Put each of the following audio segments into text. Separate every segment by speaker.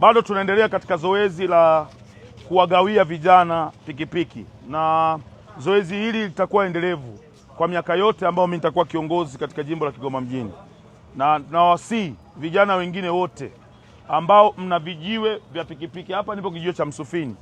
Speaker 1: Bado tunaendelea katika zoezi la kuwagawia vijana pikipiki na zoezi hili litakuwa endelevu kwa miaka yote ambayo mimi nitakuwa kiongozi katika jimbo la Kigoma mjini, na nawasihi vijana wengine wote ambao mna vijiwe vya pikipiki. Hapa nipo kijiwe cha Msufini.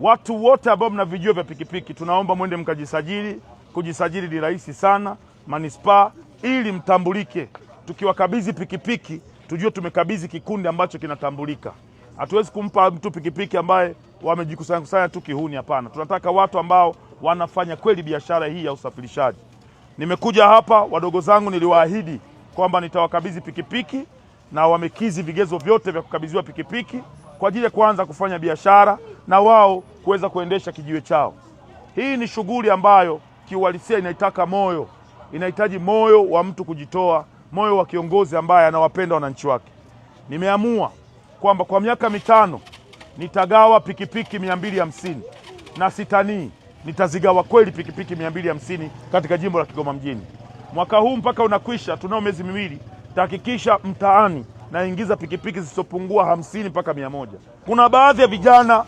Speaker 1: Watu wote ambao mna vijiwe vya pikipiki, tunaomba mwende mkajisajili. Kujisajili ni rahisi sana manispaa, ili mtambulike, tukiwakabidhi pikipiki tujue tumekabidhi kikundi ambacho kinatambulika. Hatuwezi kumpa mtu pikipiki ambaye wamejikusanya kusanya tu kihuni, hapana. Tunataka watu ambao wanafanya kweli biashara hii ya usafirishaji. Nimekuja hapa, wadogo zangu niliwaahidi kwamba nitawakabidhi pikipiki na wamekizi vigezo vyote vya kukabidhiwa pikipiki kwa ajili ya kuanza kufanya biashara na wao kuweza kuendesha kijiwe chao. Hii ni shughuli ambayo kiuhalisia inaitaka moyo, inahitaji moyo wa mtu kujitoa moyo wa kiongozi ambaye anawapenda wananchi wake. Nimeamua kwamba kwa miaka mitano nitagawa pikipiki mia mbili hamsini na sitanii, nitazigawa kweli pikipiki mia mbili hamsini katika jimbo la Kigoma mjini. Mwaka huu mpaka unakwisha, tunao miezi miwili, tahakikisha mtaani naingiza pikipiki zisizopungua hamsini mpaka mia moja. Kuna baadhi ya vijana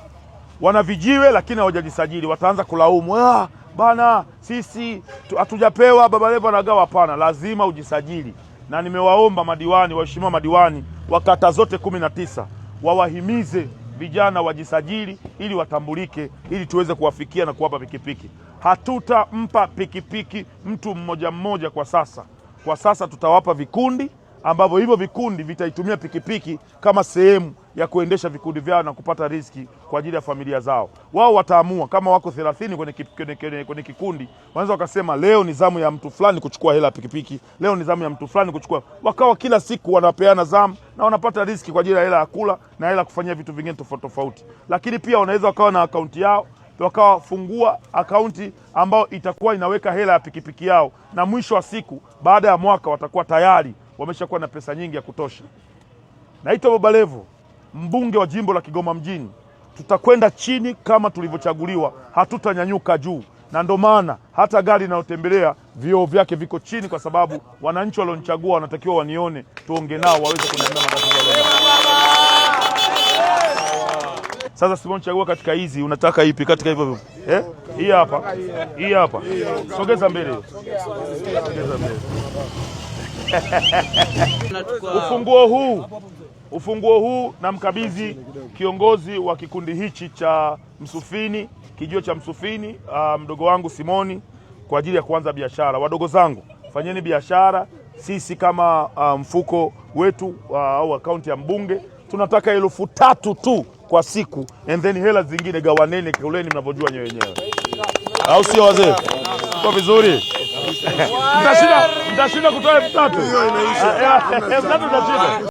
Speaker 1: wana vijiwe lakini hawajajisajili, wataanza kulaumu ah, bana sisi hatujapewa, Baba Levo anagawa. Hapana, lazima ujisajili na nimewaomba madiwani, waheshimiwa madiwani wa kata zote kumi na tisa wawahimize vijana wajisajili ili watambulike, ili tuweze kuwafikia na kuwapa pikipiki. Hatutampa pikipiki mtu mmoja mmoja kwa sasa. Kwa sasa tutawapa vikundi ambavyo hivyo vikundi vitaitumia pikipiki kama sehemu ya kuendesha vikundi vyao na kupata riski kwa ajili ya familia zao. Wao wataamua kama wako thelathini kwenye, kwenye, kwenye, kwenye kikundi, wanaweza wakasema leo ni zamu ya mtu fulani kuchukua hela ya pikipiki, leo ni zamu ya mtu fulani kuchukua, wakawa kila siku wanapeana zamu na wanapata riski kwa ajili ya hela ya kula na hela kufanyia vitu vingine tofauti tofauti. Lakini pia wanaweza wakawa na akaunti yao wakafungua akaunti ambayo itakuwa inaweka hela ya pikipiki yao, na mwisho wa siku, baada ya mwaka watakuwa tayari wameshakuwa na pesa nyingi ya kutosha. Naitwa Baba Levo mbunge wa jimbo la Kigoma mjini, tutakwenda chini kama tulivyochaguliwa, hatutanyanyuka juu. Na ndo maana hata gari inayotembelea vioo vyake viko chini, kwa sababu wananchi walionichagua wanatakiwa wanione, tuonge nao waweze kuniambia matatizo.
Speaker 2: Sasa simonchagua katika hizi, unataka ipi katika hivyo hivyo eh? Hii hapa, hii hapa, sogeza mbele, sogeza mbele.
Speaker 1: Ufunguo huu Ufunguo huu na mkabidhi kiongozi wa kikundi hichi cha Msufini, kijio cha Msufini, uh, mdogo wangu Simoni kwa ajili ya kuanza biashara. Wadogo zangu, fanyeni biashara. Sisi kama uh, mfuko wetu ah, au uh, akaunti ya mbunge tunataka elfu tatu tu kwa siku, and then hela zingine gawaneni, kuleni mnavyojua nyewe wenyewe,
Speaker 2: au sio wazee? Kwa vizuri mtashinda kutoa elfu tatu.